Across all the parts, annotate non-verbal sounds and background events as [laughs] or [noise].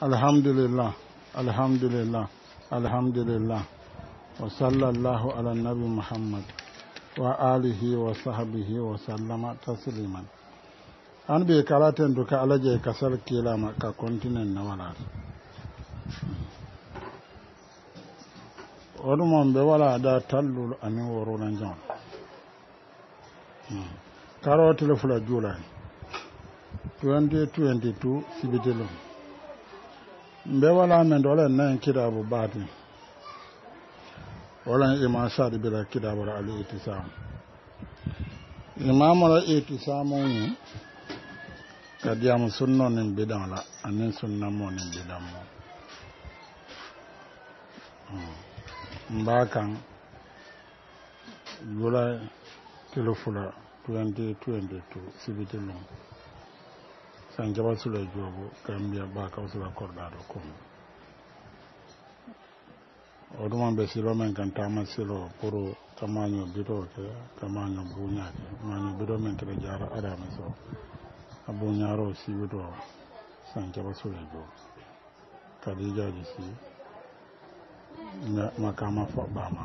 alhamdulillah alhamdulillah alhamdulillah wa sallallahu ala nabi muhammad wa alihi wa sahbihi wa sallama tasliman an ɓe kalaten du ka alaje kasal kilama ka continen na walar oɗumon ɓe wala da tallul amin worona jawn karotele fula juulay 2022 sibitelum mbe wala men do len nan kitabu baati walan ima sadi bira kitabu al itisam imam al itisam ni kadiyam sunno nin bidan la anin sunna mo nin bidan mo mbakan jula kilo fula 2022 sibiti lon san jaba sula joogo gambia ba kaw sula korɗaɗo comme o ɗuman ɓe silo men kan tama silo pour kamaño bitoke kamaño buñake maño bito men kede jara adame so a buñaro siwito san jaba sula joogo kadijaji si makama foɓɓama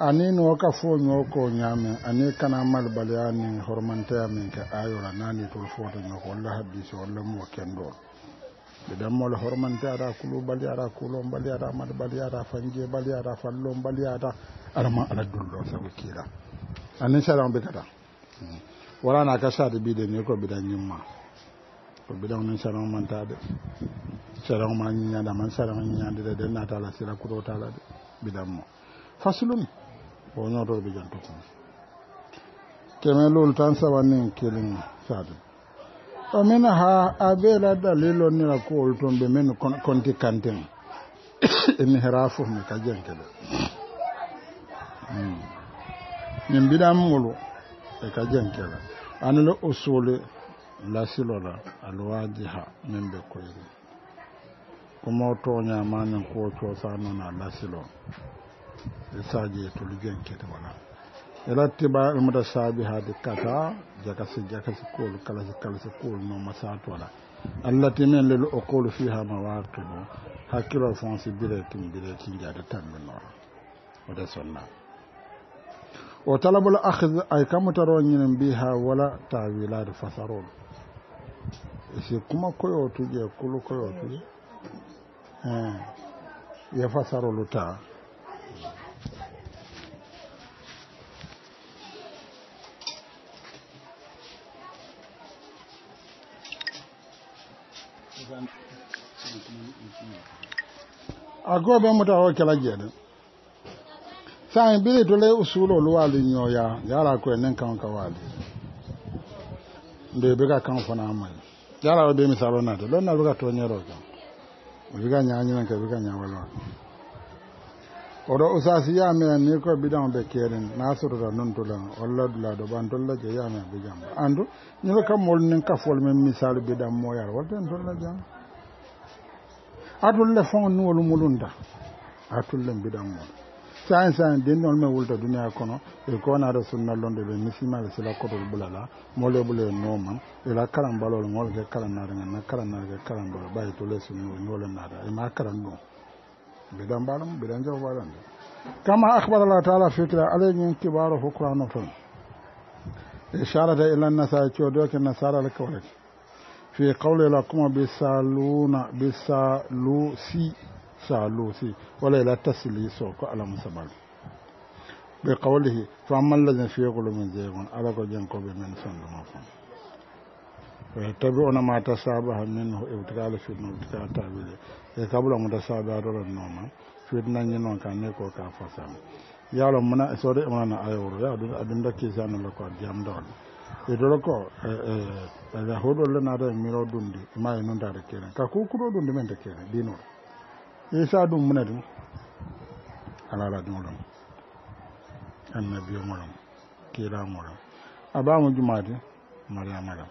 anin woka foñoko ñamen ani kana malbaliya nin hormanteya min ke ayora nani tol foto ñoko walla hadise walla mo kendol ɓedenmol hormanteyaɗa kulu baliyaɗa kulon baliyaɗa mal baliyaɗa fanje baliyaɗa fallon baliyaɗa arama ala dullo sabu kiira ani sadan ɓekata warana ka sade biɗe ni ko ɓiɗan ñimma ko ɓiɗan nin sadan mantade sadan ma ñiñadaman sadan ñiñadede de natala sira kuro tala de ɓiɗanmo faslum o ñoto bi jantu ko keme lol tan sa wanne kelin sadu o mena ha abe la dalilo ni la ko ulton be men kon ti kanten e mi herafu mi ka jenke da hmm. ñem bi dam wolu e ka jenke da anelo usule la silola alwajiha min be koyri kuma otoo ñaamaa nin kuwo coosaa nona lasilo e saji e tolu jenkete wona rattiba e ɗumata saabi haade kata jakasi jakasi kool kalasi kalasi kool noma satoɗa allati min lelu o koolu fi ha ma wartu ɗo hakkilo fonci biretin biretin jaade tamminoa oɗe sonna o talabol ahis ay kamutaro ñine mbi ha wala ta wilade fasarol e si kuma koyo tuƴe kulu koyo tuƴe e fasarolu ta a ko bɛ mu ta o kɛlɛ jɛ dɛ sanni bile tole o su la olu waali ɲɔ ya yala ko ne kan ka waali ndoye bɛ ka kan fana a ma ye yala o bɛ misali o na tɛ lɔɔri na bɛ ka tɔ ɲɛ dɔ kan o bɛ ka ɲa ɲinɛ kɛ o bɛ ka ɲa wala. oɗo usasi yamen ni ko biɗan ɓe keerin nasurata nontulan olla dulaɗo ɓan tolla je yamen ɓe jam andu ñino kam mol nin kafol men misalu biɗan moyar wolten tolla jam atulle fon nuwol mulunda atulle biɗan mol sayin sayin dendiol men wulta duniya kono e da sunna londe ɓe misimaɓe sila kotol ɓulala mole ɓula e noman balol na balol mbiɗan mbaɗam mbiɗan jaba mbaɗan de kama akhbar allah taala fikira alay ñin kibaro fo kurano toon e charata ilan nasara codoke nasara ala kawlake fi qawle la kuma bi saluna bi salu si salu si wala ila tasliso ko alamu sabal bi qawlehi fa amma alladina fi gulu min zeygon ala ko jenkoɓe men sonduma fon n'o ما تشابه منه ابتغاء الفتنة ابتغاء تأويله يقبل متشابهات النوم فتنة ينون كان يكو كافسام yalon muna eh, sore imana ayoro ya dun abin da ke zanu eh, la ko diam don e do ko e da hodo le na da miro dundi ma yinu da da kene ka ku kuro dundi men da kene dino e sa dun muna dun ala la dun don annabi mo don kira mo don abamu jumaade maryama don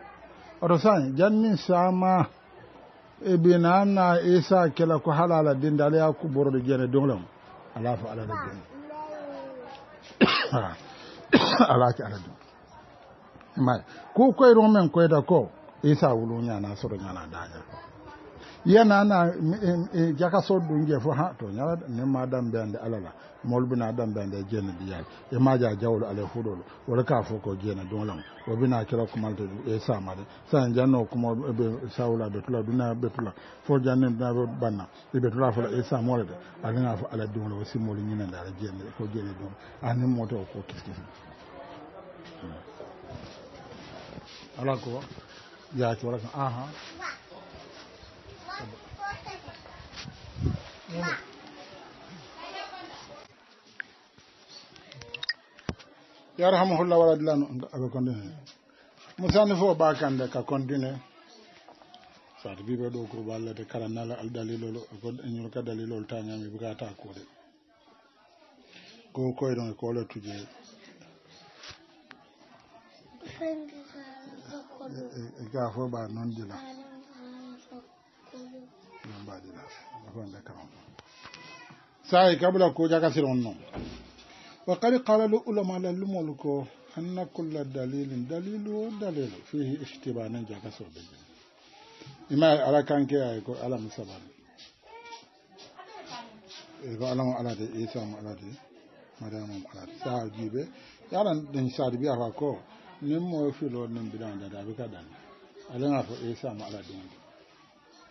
rosan jannin sama ibina na isa kila ku halala din da ya ku boro jene donglam ala fa [coughs] ala din ala ki ala din mai ku koy romen men da ko isa wulunya na soro nya na da na e, jaka so je fof ha to ñalat ne ma dambe ande alala dan dambe ande jeena biya e ja jawul ala fuɗolo wala ka fof ko don lam o bina kira kuma kumalte e da, sa janno e, be saula ɓe tula duna be e tula fo jannin ro bana e be tula fola e ale na fo ala wa o ni na ala jeena ko jeena dum animmoto o ko kiski hmm. ala ko yaaci wala ko yar hama hulla wara dilano aga continue musani fo ba kande ka continue sati bibe do ko balla de kala nala al dalilo lo ko nyol e ka dalilo lo tanya mi buga ta ko de ko ko don ko le tuje ga fo ba non dilano ibadillah afan sai kabla ko jaka siron non wa qad qala al ulama la lumul ko anna kulla dalilin dalilu dalilu fihi ishtibanan jaka so be ima ala kanke ay ko ala musaban e ba ala ala de isa mu ala de madama mu ala sa jibe ya yaran din sa biya ko nin mo filo nin bidan da da bi kadan ala na fo isa mu ala de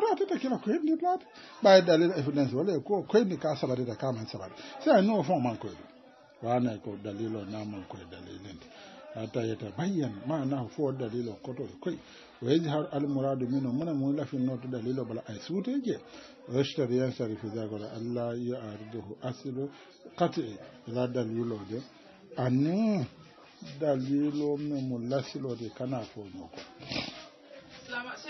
ratata kila koyndi plate ɓawi dalil évidence wale ko koyndi ka sabatita kaman sabat si a no fon man koyɗum wana ko dalil o naman koye dalilinde hatta yeta bayyan manahu fo dalil o koto e koye o yejihar almouradu min o mona mum lafinnoto dalil o bala ay e suuteje o yestari yansari fisagola allah yo arduhu asilu kati ila daliloje anni dalilo men mo de kana fo ñoko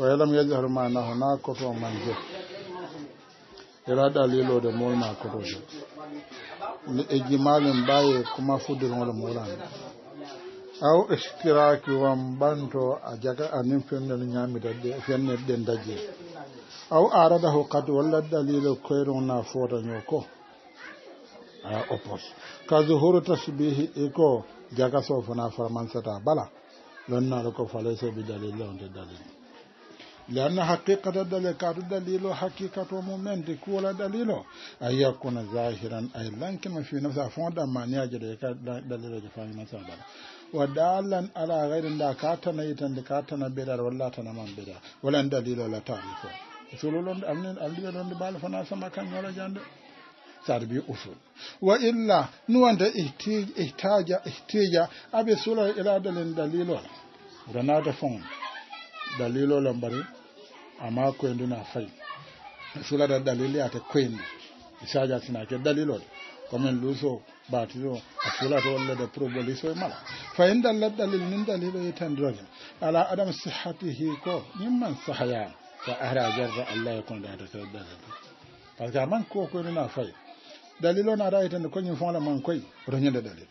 waya lam yajhar manahu na koto man je irada lilode mol ma koto je ni e jimalen baye kuma fudir wala molan aw istiraki wam banto a jaga anin fennel nyami dadde fennel den dajje aw aradahu qad walla dalilu kayrun na fota nyoko a opos ka zuhuru tasbihi iko jaga so fana farmansata bala lonna ko falese bi dalil lon de dalil لأن حقيقة الدليل دليل حقيقة مؤمن دكولا دليل أن يكون ظاهرا أي لكن في نفس فوندا مانيا جديك دليل جفاني مثلا ودالا على غير دكاتنا يتندكاتنا بدر ولا تنمان بدر ولا دليل لا تعرفه sululon أمنين alliyalonde baala سما كان kan yola jande أصول وإلا نواند wa illa nuwanta أبي ihtija إلى دليل دليل dalen dalilol ranata fon dalilolan mbari amma koyendu na fayi da dalili ate koyendu isaja sinake dalilode komin luso zo a sulata da proboliso e mala fa in dallat dalil nin dalilo yitandirode ala adam hiko ko man sahaya ta ara jarra allah ya kondata sera dalil par ba ta man ko koyendu na fayi dalilo ta da kwanyin fara man kwai oto da dalil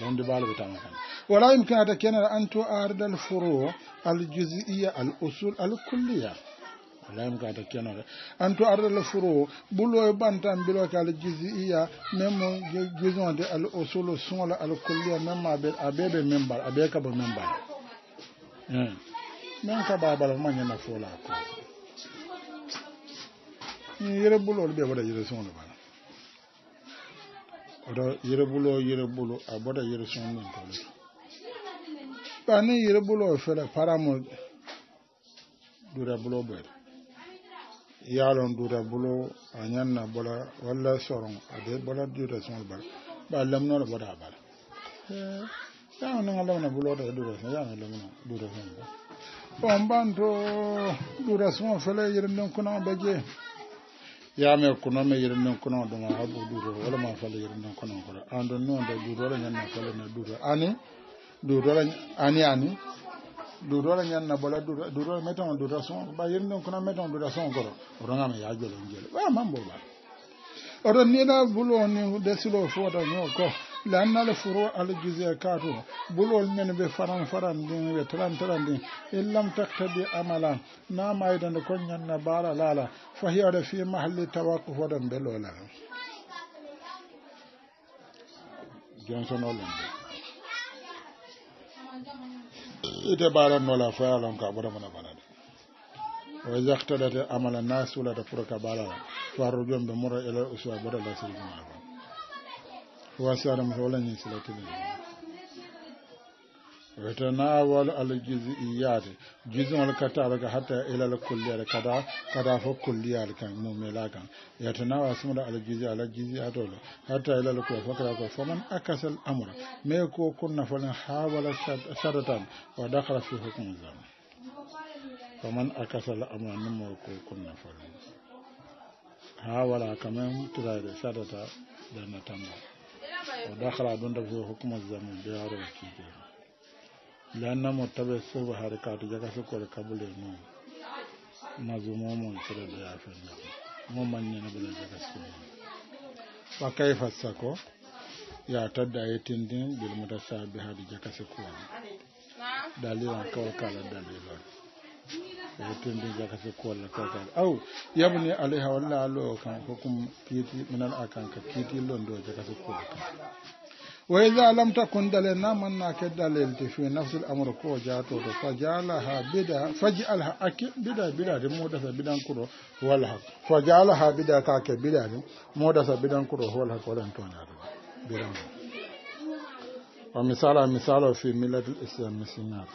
gonde baloɓe tama kan wala yumkin ada kenal anto ardal furo al jusiia al usul al kulliya walayim kata kenore anto ardal furo ɓuloye ɓantan biloke al jusiia même jusion de al usulu sola al kulliya même aɓe aɓeɓe membal aɓe kaba membal min kaba bala mañana fola ko yere ɓulol ɓe waɗa yere sole bala oto yiri bulo yiri bulu a bota yiri sun min tolu ba ni yiri bulo fere paramu dura bulo yalon dura bulo a nyanna bola wala soron a de bola dura sun bar ba lamno da bota bar hmm. ya ni ngala na bulo da dura sun ya dura sun ba dura sun kuna baje yame kuno me yirinden kuno ɗum a habu duuro wala ma fala yirinden kuno koɗa an ɗon noon de duurola ñanna falana duro ani duro duurola ani ani na ñanna duro duurola meton duro son ba ɓa yirinden kuno meton duro son nga koɗo ya yajolo jeele wa mambo ba oɗon niɗa bulo ni desilo fota ño ko lanna la furo al jizya kato bulol men be faran faran din be tran tran din illam taqtabi amala na mayda ne ko nyanna bara lala fa hiya da fi mahalli tawaqquf wa dan belola ite bara nola fa ya lan ka bara mana bana de wa zaqtada amala nasula da furka bara fa rujum be mura ila uswa bara la sirgina wasa wasiyaɗam hoolani silatili wetanawal aljiziyati jisol katalaka hatta ilal kulliyal kada kada fo kulliyal kan mumela kan yatanawa sumra aljizi aljiziyatolo hatta ilal kulla fakra ko faman akasal amra me ko kunna falan hawala sharatan wa dakhala fi hukm zam faman akasal amra nimo ko kunna falan hawala kamam tirade sharata da natamba Wa abin da zai hukumar zaman da yaro da kike lana mutabe su ba har ka ta jaka su kore kabule mu zo mu mun da yafin da mu ne na bala jaka su kai ya ta da yatin din bil mutasabi har su ko dalilan kawai kala dalilan wutundi jaka si kolla kakal aw yabni alayha walla alo kan hokum kiiti akan ka kiiti londo wa lam takun dalil na dalil fi nafsi al-amr ko jato do bida bida bida sa bidan kuro wal haq bida ka ke bida sa bidan kuro wal haq wa misala misala fi islam misinat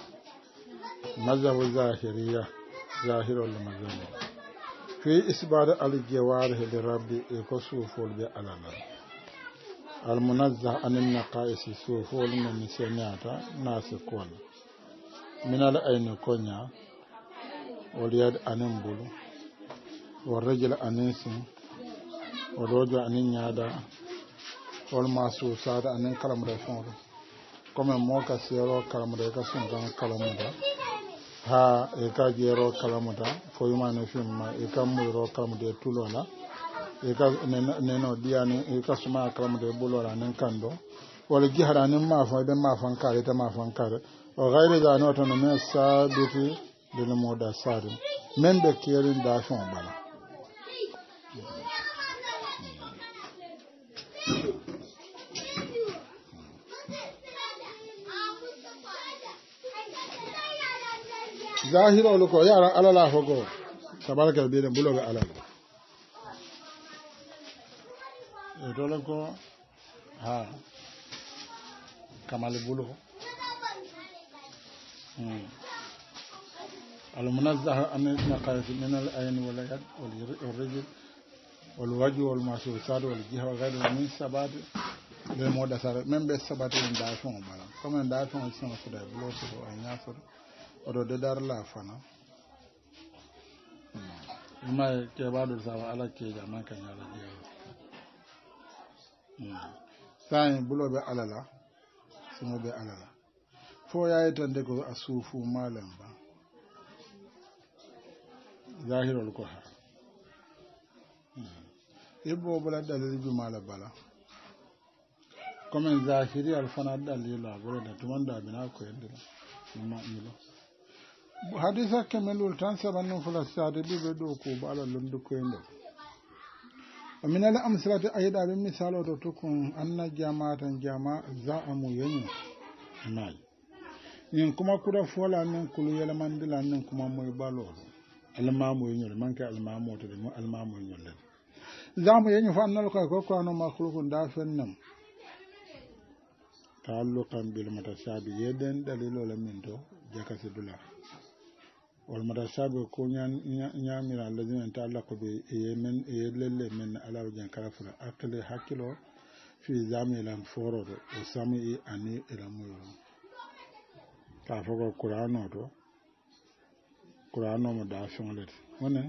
zahiriyah zahir walla magani fii isbaade allah jewaare hede rabbi e ko suufol ɓe alalal almunazah anin naqaisi suufol momi seniata naase kool minala ayne koña wolyad anin mbul wol rejal anin sin wolooja anin ñaada holma suusaade anin kalamre fonre comme mooka seero kalamre ka sunkan kalamuda ha e ka jeero kalamata fo yumano fim ma e ka muyro kalamude tulola e ka neno ɗiyani e ka suma kalamude bulola nen kando walla jihaɗa nen mafan eɗen mafan kare ta mafan kare o hayre ganoto no min sabiti dene moɗa sarin min ɓe kerin dafion ɓala zahirolu ko yaran alala le tabaraka biɗen ɓuloɓe alal e tolen ko ha kamale bulo المنزه عن النقائص من العين واليد والرجل والوجه والمحسوسات والجهه وغيرها من سبات للمودة سارة من بس سبات من دافعون بلا كمان دافعون سنة سورة بلوسة oɗo dedar lafana mm. ima keɓaɗo sawa ala keeja man kaña ala jeeya bulo buloɓe alala sumoɓe alala fo yayi e tande ko a suufu malam ba zahirol ko ha ibbo mm. e bala dalil bi mala bala comme zahiri al fana dalil la bala da tuman da bina ko yadda e ma milo hadisa kemel tan sabannum fula da ɓiɓe ɗo ko ba ala londu koyndol o minala amsirate ayiɗaɓe misal o to tukun anna jama ta jama za amu yeñu nayi yin kuma kuda fola min kulu yelamandila nan kuma moye balo almamu yeñol manke almamotode mo almamu Za mu yeñu fa annal koye ko koano makulukun da fennam taallukan bil mata saabi yeɗen ɗalilole min to jakasi dula walmata sabu ko ñamira alladina nta alla ko ɓe ye lalle min alaɓe jan kala fula hakkile hakkilo fi zami elan fororo o e sami ani elamuyoro ka fogo qur'ano to qur'ano mu da feŋolete wani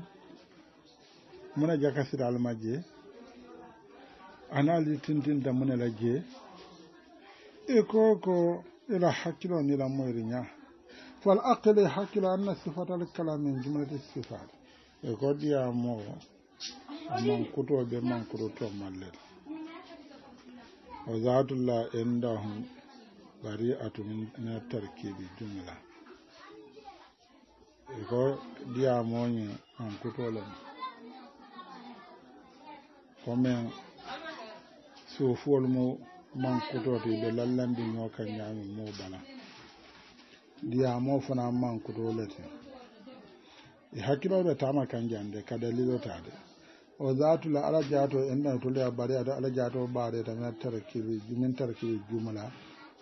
muna jakasira alma je almaje anali mune la muna e ko ila hakilo ni lamoyri ña falaqle hakkilo anna sifatal kalamin jumlat sifat e ko ɗiyamowo mankutoɓe mankutoto mallel o zatulla endahum bari atumne tarkiɓi jumla e ko ɗiyamoñi mankutolen komin suufuwol mu mankutoti ɓe lallandiño kañami mu bala ndiyamo fana mankutolete e ta ma kan jande ta de. o la ala jato na tole a bari da ala jato da na tarkibi min tarkibi jumla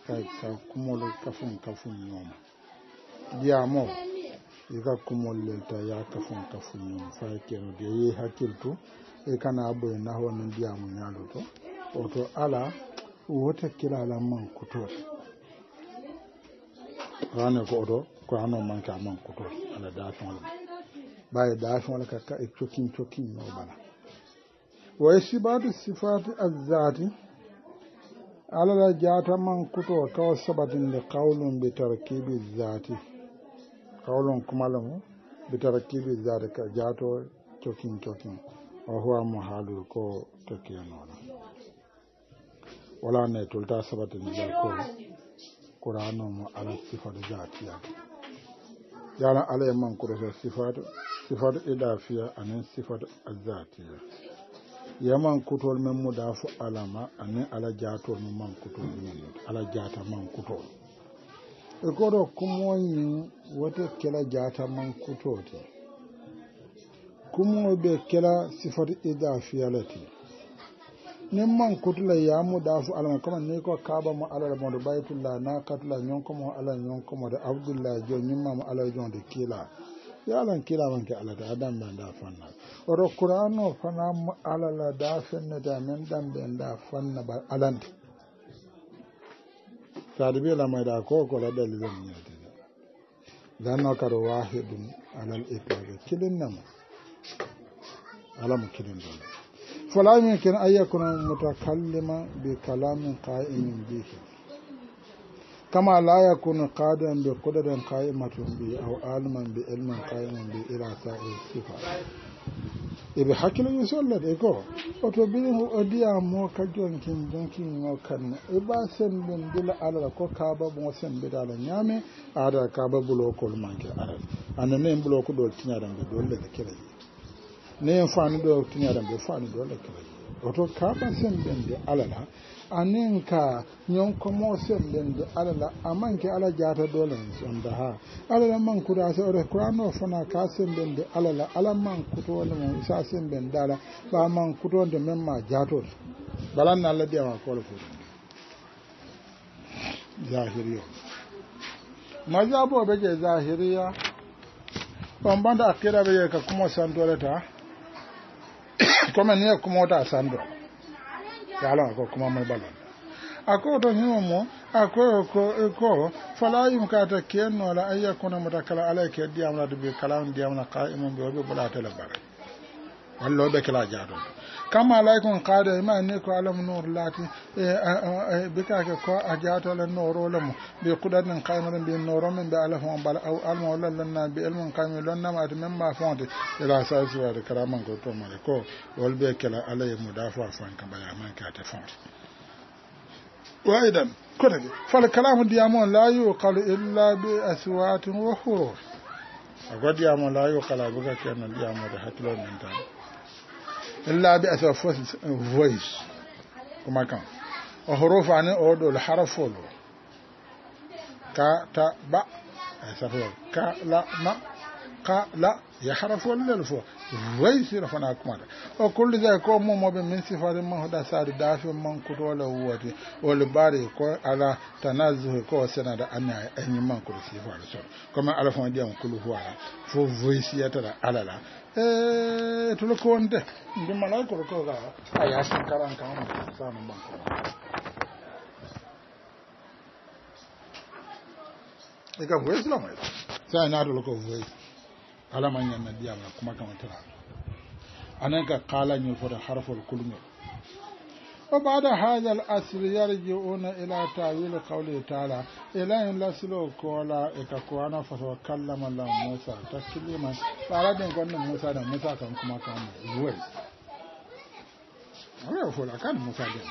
ka ka kumol kafum kafum ñooma ndiyamo ika kumollelta ya kafun kafun ñooma fa kenode ye hakkiltu e kana ɓoye naho no ndiyamo O to oto ala wote kilala mankutole rane ko oɗo ko hano manque a manque to e ala dation la ɓawi dation la kakka e cokkin bala jata bi tarkibi zati bi tarkibi zati ka jato cokkin cokkin o huwa mo haaluru ko tokkiyanola wala ne ko qur'ano mu ala sifatu zatiyatu yaran ala e mankoroto sifatu sifatu idafiya e anin sifatu azatiya yaman kutol men mu dafu alama anin ala jatol mu man kutol men ala jata man kutol ikoro e koɗo wata wote kela jata man kutote kumo ɓe kela sifatu idafiyalati e nin man kotula yamu dafu alama kama ni ko kaba mo alal mo do baytullah na katula nyonko mo alal nyonko mo do abdullah jo nin ma mo alal jo de kila ya lan kila man ke alata adam dan da fanna oro qur'ano fana mo alal da fenna da men dan ben da fanna ba alante talibi la mai da ko ko la dalil zan ni ta dan no karo wahidun alal ipaga kilin nam alam kilin dole فلا يمكن أن يكون متكلما بكلام قائم به كما لا يكون قادرا بقدر قائمة به أو عالما بعلم قائم به إلى سائر الصفات ebe hakkilo yu sollade ko oto bini o diya mo ka jonkin jonkin mo kanne e ba sembin dila alala ko ka babu kaba mo nyame a da ka babu bulokol manke aral anane en buloko da dole da de kelay nen faani ɗo tiñaɗan ɓe faani ɗo lekkila oto kaɓa semɓen de alala anen ka ñonkomo semɓen de alala a amanke ala jata dolen sonda ha alala man mankuda se ore no fana ka semɓen de alala ala man mankutole mo sa semɓen dala ɓa mankutonde men ma jatode na allah ma kolo fo zahiri o majabo ɓe je zahiriya on da akira ɓe kuma san dole ta. comme [coughs] ni ye kuma wota san dɔ ya ala ko kuma mun balon a ko to himo mo a ko ko ko fala yum ka ta ken no la mutakala ala ke diamna de be kalam diamna qa'imun bi bi bulata la bara wallo ɓe kela jaaɗo kamma laykon kaade ma ni ko alamu nooru laati ke ko a jaatole noorole mum ɓe kuɗatnen kaymata mbi nooro min ɓe ala fon bala aw alma walla lonna mbi elmum kaymi lonnama ati même ma fonde ila sasiwade karamanko tomare ko to Wal wol ɓe kela alaye muda fo a fanka mbayamanke ate fonde waidan kotake fala kalamu ndiyamon la yuqalu illa bi aswatin wa hurur ago ndiyamo la yuqala buga kenno ndiyamode hakkilo men ta. illa bi athar first voice kuma kan o huruf ani o do harafol ka ta ba athar ka la ma ka la ya harafol lel fo voice ra fana kuma o kullu zai ko mu mo be min sifari man hoda sari dafi man ku dole wote wal bari ko ala tanazzuh ko sana da ana enyi man ku sifari so kuma alafon diam kullu huwa fo voice ya tara alala Eh, tuloko wonde ndimala koloko ga a yasin karan kan sanu banko ika vuwe sila mai sai na alaman diya kuma tara ka kala وبعد هذا الأصل يرجعون إلى تأويل قوله تعالى إليهم لسلو كولا إكاكوانا فتوكلم الله موسى فأراد أن كون موسى دا موسى كان كما كان زوي أولا أفولا كان موسى دا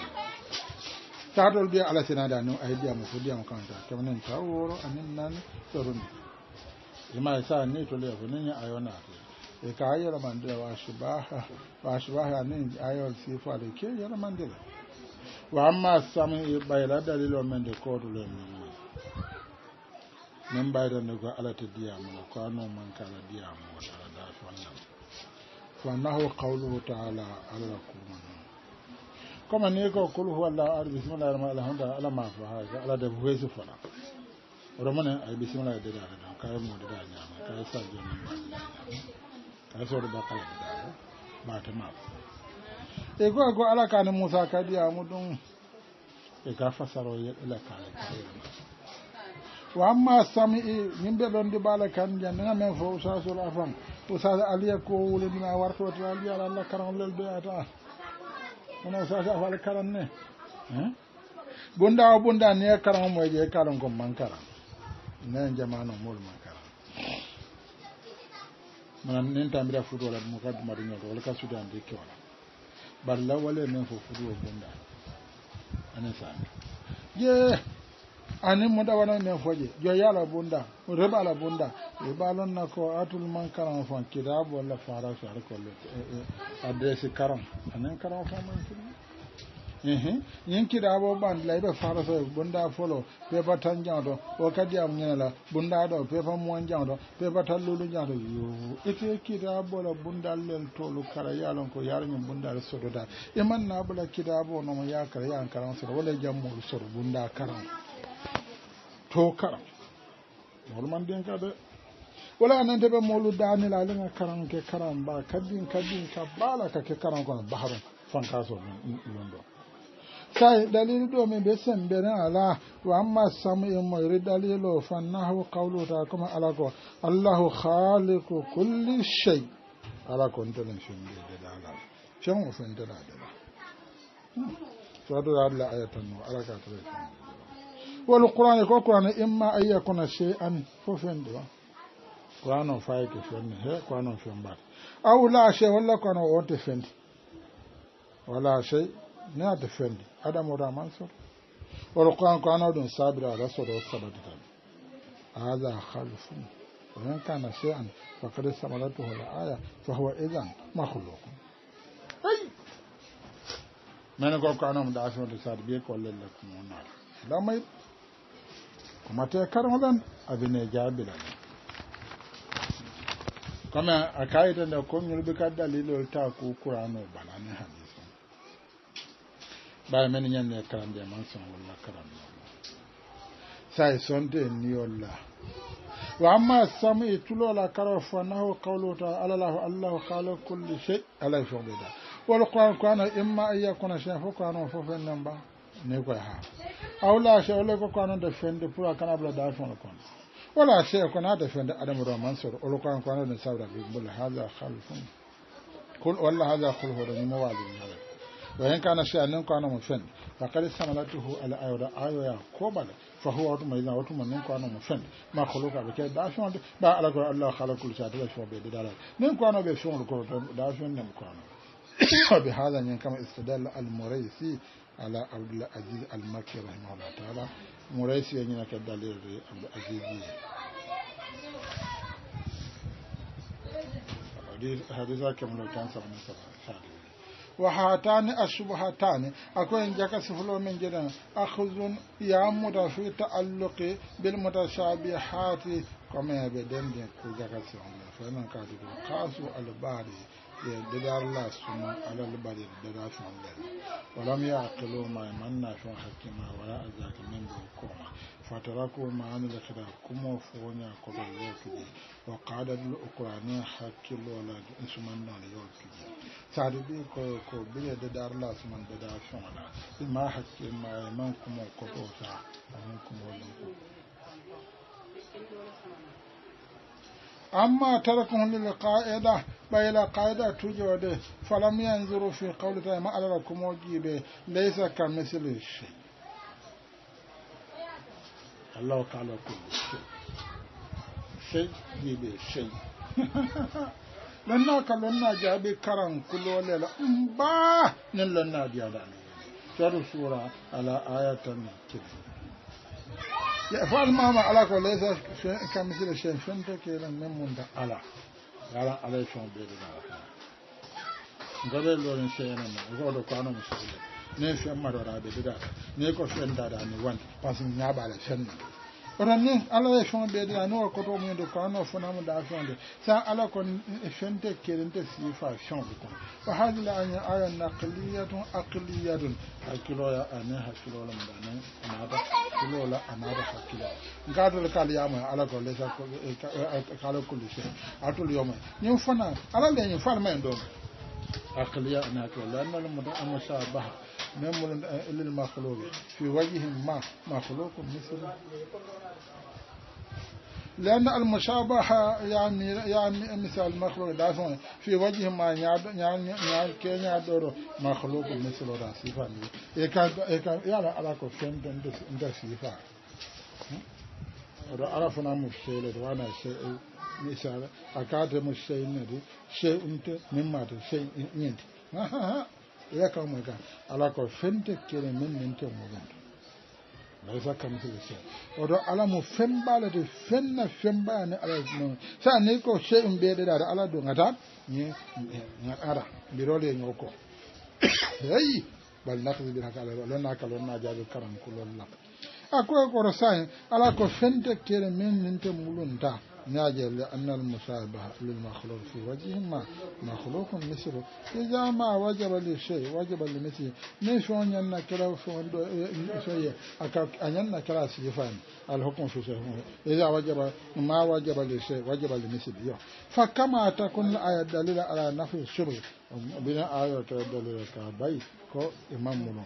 تعدل بي على سنادا نو أيديا مسوديا مكانتا كمنين تاورو أنين نان ترون لما يسا نيتو ليفو نيني أيونا أكيد e ka a yeramandira wasubaha wasubaha anen ayol sifoaɗa ke yeramandira wa amma sam ɓayra dalil o men de koɗule mimma min ɓayrandego alata diyamuna ko ano man kala diyamuwoɗa alada fannam fa nahu qawluhu taala alala kuma non comme ni ko kul huwallahu ahad bisimillahi rahman alhamdulilah alama fo haa alade fo feysi fona oɗo mone ay bisimillahi dedaɗe ɗon kaye mo deɗa ñama kaye sadio kafir ba kala da ba ta ma e ko ko ala kana musa kadiya mudun e ka fasaro ya ila kala kala wa amma sami'i eh, min ɓe ɗon dibala kan janndina men fo usasol afan usas aliya ko wulidina wartoota aliya ala allah karan lel beyata ono usas af ala karan ne bunda o bunda ni e karan moyje e karan kon man karan nen jamano mol man manan nin tambira futu wala mo kaddu madu nyoto wala kasuda ande ke wala balla wala men fo futu o bunda ane sami ye anin mu dawana men foje jo yala bunda reba la bunda e balon na ko atul man karam fon kidab wala fara far ko e, e, adresse karam anan karam fon man kidab ñiŋ kidaa bo ban la i fara so bunda folo pepa tan jaŋto o kadi am ne la bunda ɗo pepa muwan jaŋto pepa tan lulu jaŋto yo ite kidaa bola bunda lel tolu kara ko lon ko yaara so do sododa i man na bola kidaa bo nomo ya kara yan karan soto walla jammolu soto bunda karan to karan molu man ka de wala nan taɓe molu danila alinga karan ke karan ba kadin kadin ka bala ka ke karan kono baharum fankaso ɗum kay dalili ɗo min be semmbere ala wa amma samu'e moyre dalilo fannahu kawlu ta koma ala ko allahu haaliku kulli chey ala ko ntele fendede dalal cen o fendela dema hmm. soadoa adla ayatanno ala ka tre wolu qurane ko qurane imma an yakuna chey an fo fendewa qurane o fayke fenne he qurane o fembate aw la chey walla qurane o onte fendi wala chey nenata fenndi adamoto Adamu soto woto qouran ko an ko ano ɗum saabira ala soto o sabatitan hada halfun waman kana che an fakad samaratuhu l aya fa huwa idan mahlukum ay mene ko ko anomo ɗafinode saade mbiye ko lelle ko monaɗa Kuma ko mate karmoɗan abine jabilani comme a kayitande ko ñulɓi kad dalilol ta ko qouran o balani hadi ɓawi men ñande karandiya man son walla karandiya saye sonde en niyolla wa amma samu e tulola karo fo nahu qawlu ta alalahu allahu haala kulli chey alay fo ɓeyda wol qouran ko ano imma an yakkuna chen fof ko ano fof en nen mba ni koye ha awla che ole ko ko anonde fende pour a kana bla da fono kon wala che ko naade fende adama ɗo man soɗo olo qouran ko anoɗen sawra bi bolle haga halfum kul walla haga hulhoɗo ñimo waali ñawe wa yan kana shi anan kana mu fen fa kad samalatuhu al ayra ayoya kobal fa huwa watu mai watu manin kana mu fen ma khuluqa be ke da shon ba ala ko allah khalaqul shati la shobe da dala nin kana be shon ko da shon nin kana bi hada nin kama istidal al muraisi wa hatani ashubhatani akwai jaka sifulo min gidan akhuzun ya muda fi ta'alluqi bil mutashabihati kama ya be dende ko jaka sifulo fa nan ka dubo qasu al bari ya dadar la suma al al bari dadar fa nan wala mi yaqilu ma man na fi hakima wala azaka min ko فتركوا معاني الخلاف كما فونيا كبر يوكي وقعدت الأوكرانيا حكي لولا إنسمان نولي يوكي سعد بي كو كو بي ددار لا سمان ددار شونا ما حكي ما يمان كما كبوتا أمين كما لنكو amma tarakun lil qa'ida bayla qa'ida tujode falam yanzuru fi qawli ta'ala kuma gibe laysa kamithlihi shay' الله تعالى كل شيء شيء جيبي شيء لنا كلنا جابي كرم كل ولا لا با نلنا ديالا شر سورة على آية من كده ya fa mama ala ko le sa ka mi sele shen shen ke nan mun da ala ala ala shen be da ala ngabe lo ne ko do ko musulmi ne fen maroraɓe didata ne ko fen dadani wonde par ce que la fenna oto ni ala e fen ɓeyde ni o koto mumde ko anno fonamo da fende sa ala ko fente kerente sifa fenɓe kon o haadila aña aya naqliyatun aqliyatun hakkiloya ane hakkilola mum ane anata hakkilola anata hakkilo ngatol kal yama ala ko lesa kala kulli fe atol yoma ñin fana ala leñin fa almayen ɗon aqliya anata walla annala muta amasabaha نعم، الا المخلوق في وجه ما مخلوق مثل لأن المشابهة يعني يعني مثال المخلوق دافون في وجه ما يعني يعني كان يدور مخلوق مثل هذا صفة يكاد يكاد يعني على كل كم دندس دندس صفة عرفنا مشكلة وأنا شيء مثال أكاد مشكلة شيء أنت مما شيء أنت ها ها ها iya ka mo ala ko fente kene men men te mo gan laysa kamithli shay oto ala mo fembalete fenna fembani ala no sa ni ko ala do gata gaɗata mbirole ñoo ko eyi bal nakdi bil A karam ko lollak a koye ala ko fente kere men ninte mulunta من لأن المشابهة للمخلوق في وجهه ما مخلوق مثله إذا ما وجب للشيء وجب لمثله ليش أن ينكر شيء أن كلا سيفان الحكم في شيء إذا وجب ما وجب للشيء وجب لمثله فكما تكون الآية دليل على نفي الشبه بناء آية دليل كابي كو إمام ملون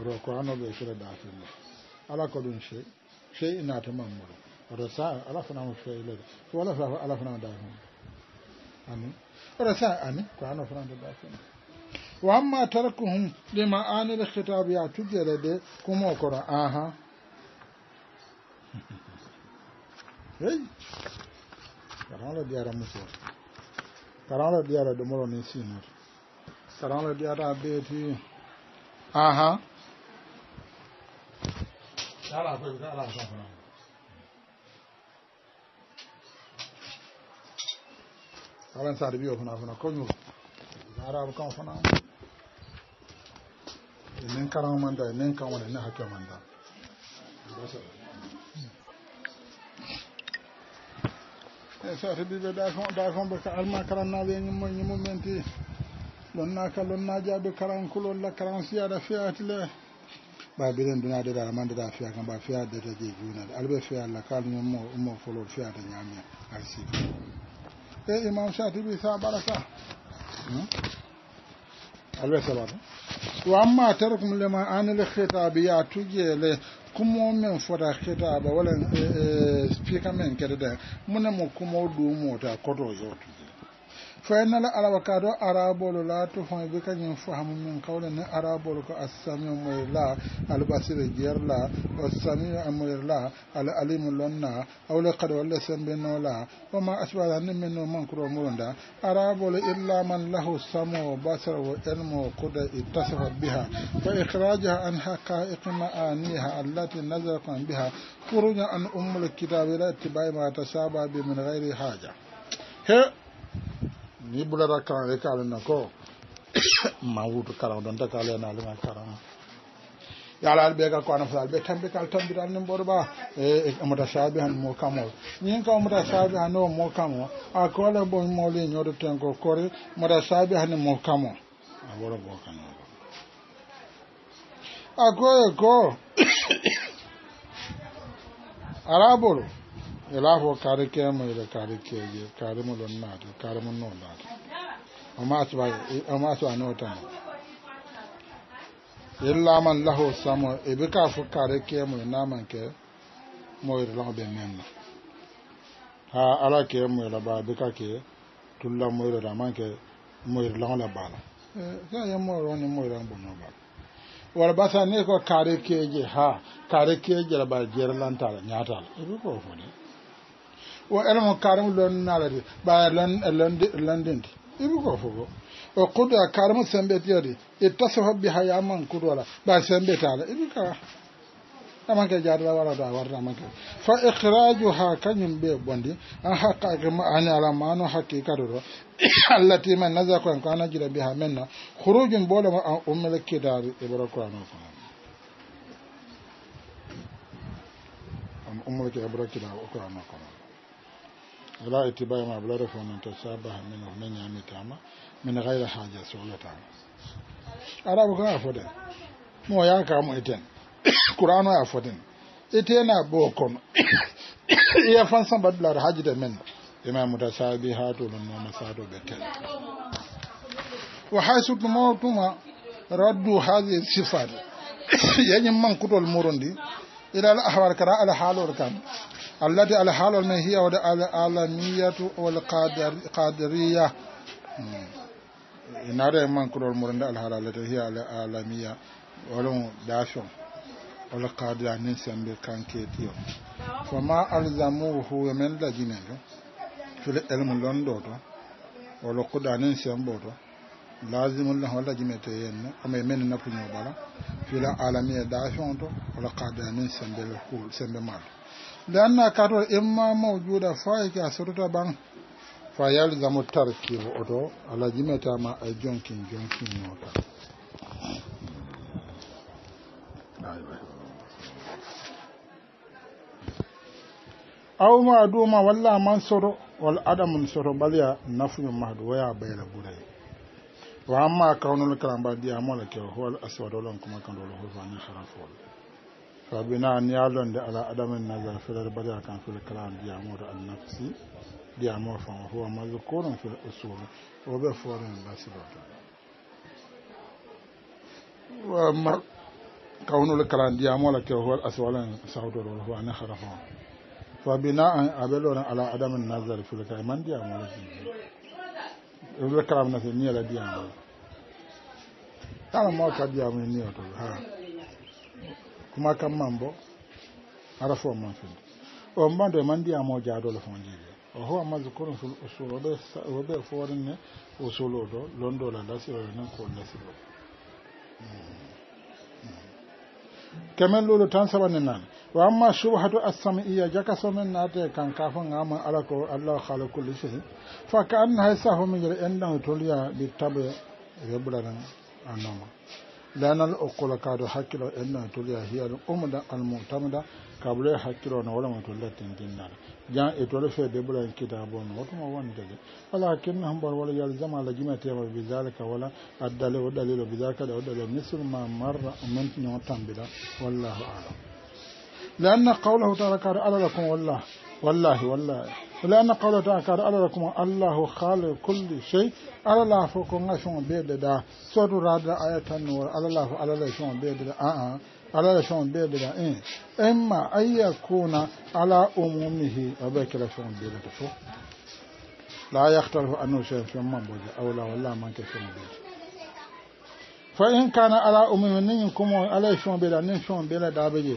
oto ko annoɓe sirada finno ala ko ɗum chey chey inaata mammuɗo oto sa ala fanama feylede so wala fa ala fanama dafino ani oto sa ani ko anno fanade dafino wa amma tarkuhum lima anil khitab ya tujere de kumo kono aha [laughs] hey karanla diyara musor karanla diyara ɗomoro ni sinor karanla diyata beeti aha ala foy ko ala sabana kaɓen sade wiyo fana fana koñol garaɓe kam fana e nen karama manda e nen kam wone ne hakke manda e sate ɓiɓe dakon dakonɓe ko alma karannaɓe ñimmo ñimmo menti lonna ka lonna jaɓe karan kulolla karan siyaɗa fiyatile fa biren duna de da ramande da fiya kan ba fiya da de je juna albe fiya la kan mun mu mo folo fiya de nyamia arsi eh imam shatibi sa baraka hmm? albe sabata to amma tarkum lima anil khitabiya tujele kumo men fota khitaba wala speaker eh, eh, men mun mu kuma du mota koto yotu فإن الأربكادو أرابول لا تفهم بك ينفهم من قول أن أرابولك السميع مير لا البصير جير لا والسميع مير لا العليم لنا أو لقد ولا سنبنا لا وما أشبه أن من من كرو مرندا أرابول إلا من له سمع وبصر وعلم وقد اتصف بها فإخراجها عن حقائق معانيها التي نزلت بها خروجا عن أم الكتاب إلى اتباع ما تشابه من غير حاجة. n'i bolola kan ale k'ale na ko mawudu karam don ta k'ale na ale ma karam yala albe ga ko anafal albe tambe kal tambi dal nim borba e amata shabi han mo kamo nyin ka amata shabi han mo kamo a ko la bon mo le nyodo ten ko kore mata shabi han mo kamo a boro bo kan a ko e ko araboro ila fo kare kemo ila kare keje kare mo lon naati kare mo non naati oma asba oma asba no tan illa man lahu samo e be ka fo kare kemo na man ke mo ira lahu be men ha ala ke mo ira ba be ka ke tulla mo ira man ke mo ira lahu la bala ka eh, eh, ya mo ro ni mo ira bo no bala wala basa ne ko kare keje ha kare keje la ba jerlan tala nyata e be ko fo ni o elmo karmo lonnaladi ɓay lon londi londindi ɗimi ko fofo o kudoya karmo semɓetiyadi ittaso hoɓɓi hayaman kudola ɓay semɓetala ɗimi ka amanke jadala wala da warda amanke fa ihraju ha kañum ɓe ɓondi an haqqake ma ani ala mano hakkikatoto [coughs] allati man nasa koen e ko anajira mbi ha menna hurujum ɓolema an ummel kidari ibra kurano ko an ummelke ibra e kidari o kurano ko noon wala ittibaye ma bala refo noon to sabaha min ofna ñamitama min hayra haja solatama arabu kan a foden mo ya kamo iten [coughs] qouran o ya foden itena bo kono [coughs] iya fan sam badulare hajide men imamuda saabi ha tolonnoma sado ɓe tel wa hay sutumo tuma raddu hadi sifat [coughs] yañim mankutol muro ndi ilal ahwar kara ala haalor kam allati alhaalol men a wode al alaniyatu wal qadariya inaara e mankurol muro nde alhaala allati hiya al alamiya olon dation wal qadira nin sembe kanketi o fo ma alzamuhu yomen lajine to fil elmu lonɗo to wolo kuɗa nin sembo to lasimullah walla jimete henne omo fila alamiya wala da an na kato in ma mawuju da fa'a ke asirta ban fayar da mutar ke wato alaji mata ma a jonkin jonkin mota awu ma a doma walla man soro wal adamun soro ba zai na waya bai da gudai wa an ma kawunan karamba diya mawala kewa hul kuma kan rohoto ne shirafu wadannan rabina an ya londe ala adamin nazar filar bada kan fil kalam diyamo da annafsi diyamo fa huwa mazkurun fil usul wa bi forin basibata wa ma kaunul kalam diyamo la ke hol aswalan saudo lo wa na harafa fa bina an abelo ala adamin nazar fil kalam man diyamo la fil kalam na ni la diyamo tala mo ka diyamo ni oto ha kuma kam man bo ara fo man fi o mbando e man ndiyamo jaadolo fo jiiwe o howama kono suuloɓewoɓe foorinne o suuloɗo londola lasi o nan ko lasilo hmm. kamen lulu tan sabani nan waamma subhatu assamiiya jaka somen naate kanka fo gaman ala ko allah haala kulle sehi fa ka anna hay sa fo min jere enɗan toliya ɗi taɓe reɓrana a noma lanar okulaka da hakilo ina tuliya hiyar umuda almutamda kabule hakilo na wala mutu latin dinar jan ito fiye da bulan kita abuwa na wata mawan da zai alakin na hanbar wani ya zama da jima ta yawa bizarka wala addale wa dalilu ka da wadda da misir ma marra min nyotan bida wallahu ala lanar kawla hutara kare ala da kuma wallahi wallahi ولأن قال تعالى ألا لكم الله خالق كل شيء ألا لا فوقنا شون بيد دا سورة رادة آية النور ألا لا فوق ألا لا شون بيد دا آه, آه. ألا لا شون بيد دا إن إيه. إما أن يكون على أمومه أبيك لا شون بيد دا شو لا يختلف أنه شيء في مبوجة أو لا ولا ما كشون بيد فإن كان على أمومه نين كمو ألا شون بيد نين شون بيد دا بيجي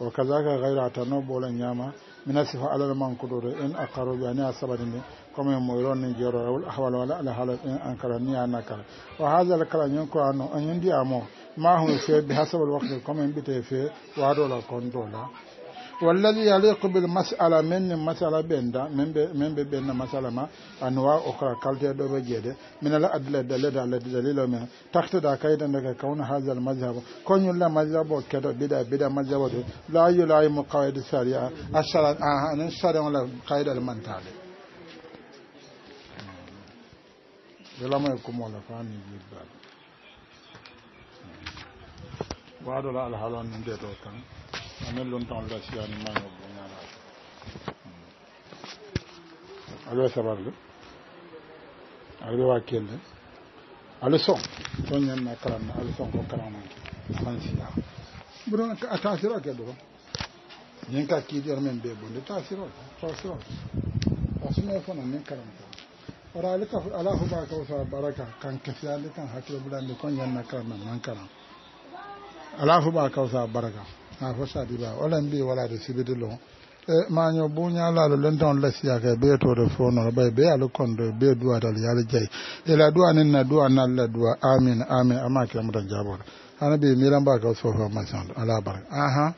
وكذلك غير تنوب ولا نياما من أسف على المنقدور إن أقروا بأنها من كما يميرون نجيرو والأحوال ولا الأحوال إن أنكرني أنكر وهذا الكلام ينكو أنه أن يندي أمو ما هو في بحسب الوقت كما ينبتي في وعدو لا كنتولا والذي يليق بالمسألة من مسألة بندا من بين مسألة ما أنواع أخرى كالتي دوبة جيدة من الأدلة دلالة التي دليل منها تحت ذاك أيضا كون هذا المذهب كون يلا مذهب كذا بدا بدا مذهب لا يلائم قواعد الشريعة الشرع أنا الشرع ولا قاعدة المنطقة لما يكون ولا فاني جيبال وعدوا لا الحالة من ديتو كان mène longtemps la si ani mango bonyana alo sabarle alo wa kende alo son to nyen na karam alo son ko karam man man si ya bro ka atasiro ke do nyen ka ki dior men be bonde tasiro tasiro asuma fona men karam ko ora ale ka ala hu ba ka sa baraka kan ke fi ale kan hakilo bulande ko nyen na karam man karam ala hu ba ka sa baraka a fo sadi ba olan bi wala de sibidi lo e ma nyo bunya la lo len don la siya ke be to do fo ba be al kondo be duwa dal yalla jay e la duwa nin na duwa na la duwa amin amin amake mo tan jabor ana be ba ka so fa ma san ala bar aha